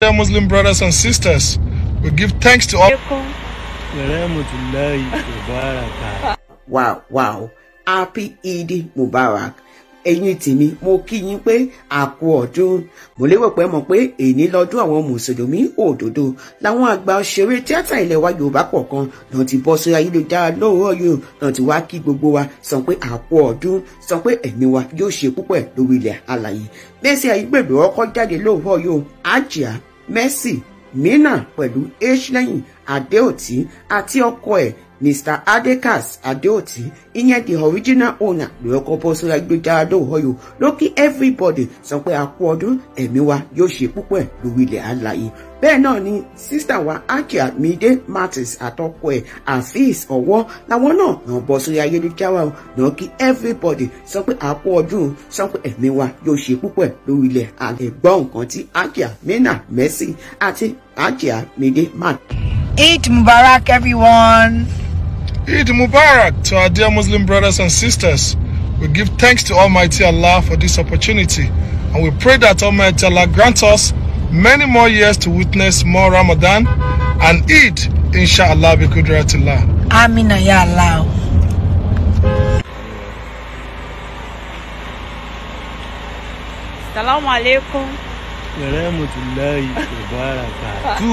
Dear Muslim brothers and sisters, we give thanks to all. Wow, wow. Happy Eid Mubarak. ẹ̀yin tèmi mo kí yín pé àkú ọdún mo lérò pé mọ̀ pé èyí lọ́dún àwọn mùsùlùmí òdodo làwọn àgbà òṣèré tíátà ilẹ̀ wa yorùbá kọ̀ọ̀kan náà ti bọ́ sí ayélujára lóòrọ̀ yìí náà ti wá kí gbogbo wa sọ pé àkú ọdún sọ pé ẹ̀mí wa yóò ṣe púpọ̀ lórí ilẹ̀ alàyè bẹ́ẹ̀ sì àyígbèrè ọkọ̀ jáde lóòrọ̀ yìí àjìá Mercy Mínà pẹ̀lú h lẹ́yìn Adéòtí àti ọkọ ẹ̀ Mr. Adekas Adeoti, ìyẹn the original owner ló kọ́ bọ́ sórí agbèjára dóòhọ́ yìí ló kí everybody sọ pé a kú ọdún ẹ̀mí wa yóò ṣe púpọ̀ lórí ilẹ̀ alàyè. bẹ́ẹ̀ náà ni sísà wa Akia Mide Martins àtọkọ ẹ̀ Afeez Ọwọ́ làwọn náà náà bọ́ sórí ayélujára o náà kí everybody sọ pé a kú ọdún sọ pé ẹ̀mí wa yóò ṣe púpọ̀ lórí ilẹ̀ alẹ́ gbọ́ nǹkan tí Akia Mena Mercy àti Akia Mide Martins. Eid Mubarak everyone. Eid Mubarak to our dear Muslim brothers and sisters. We give thanks to Almighty Allah for this opportunity and we pray that Almighty Allah grant us many more years to witness more Ramadan and Eid, inshallah, bi kudratillah. Amina ya Allah. Assalamu alaikum rahmatulahi ibarakatu.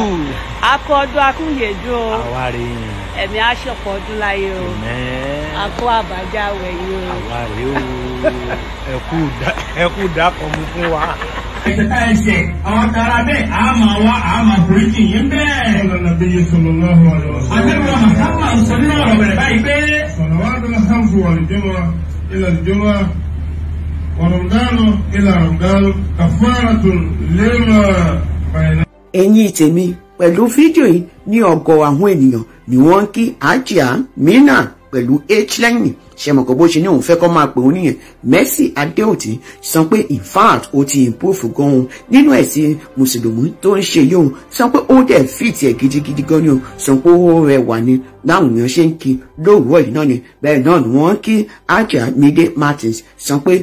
akọọdún akúnyèjò o. àwárí yìí. ẹ̀mí aṣọ̀pọ̀ ọdún láyé o. akọ àbájá wẹ̀ yìí o. àwárí o ẹkú dákọ̀ mú fún wa. ẹsẹ̀ àwọn tara bẹ́ẹ̀ a máa wá a máa borí kì í bẹ́ẹ̀. ọlọ́nà bí yé sọ̀rọ̀ lọ́wọ́ lọ. àtẹ̀wọ̀ màkà máa ń sọ nínú ọ̀rọ̀ bẹ̀rẹ̀ báyìí pé. sọ̀rọ̀ wá dọ́là sáǹfù wà lójúmọ́ ilẹ̀ lójúmọ́ ọ̀rọ̀mdánù ilà ọ̀rọ̀mdánù kàfáàtù lérò bàyìnà. ẹ̀yin tèmi pẹ̀lú fídíò yìí ní ọ̀gọ̀ àwọn ènìyàn ni wọ́n ń kí àjíà mínà pẹ̀lú h lẹ́yìn ṣẹmọ̀kọ́ bó ṣe ní òun fẹ́ kọ́ máa pè ó nìyẹn Mercy Adéòtí sọ pé in fact ó ti improve gan-an nínú ẹ̀sìn mùsùlùmí tó ń ṣe yóò sọ pé ó dẹ̀ fit ẹ̀ gidigidi gan ni o sọ pé ó rẹwà ni láwọn èèyàn ṣe ń kí lóòrọ̀ yìí náà ni bẹ́ẹ̀ náà ni wọ́n ń kí Ajah Mide Martins sọ pé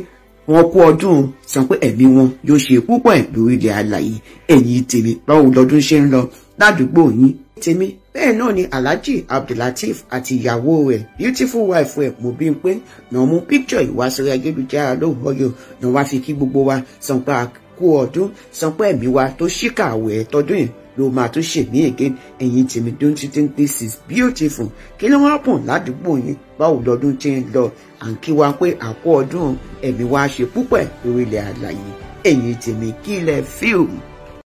wọn kú ọdún sàn pé ẹ̀mí wọn yóò ṣe púpọ̀ ẹ̀ lórí ilẹ̀ alàyè ẹ̀yìn tèmi báwo lọ́dún ṣe ń lọ ládùúgbò yín tèmi bẹ́ẹ̀ náà ni alhaji abdullateef àti ìyàwó rẹ̀ beautiful wife rẹ̀ mo bí n pé náà mú píkṣọ̀ ìwà sórí ayélujára lóòrọ̀ yóò náà wá fi kí gbogbo wa sàn pé a kú ọdún sàn pé ẹ̀mí wa tó ṣíkàwé tọdún yìí ló máa tún ṣèmí again ẹ̀yin tèmi don't you think this is beautiful kí ló wọ́n pọ̀ ládùúgbò yín báwo lọ́dún tí ń lọ à ń kí wa pé àkó ọdún ẹ̀mí wa ṣe púpọ̀ lórí ilẹ̀ àlàyé ẹ̀yin tèmi kí lẹ fíìmù.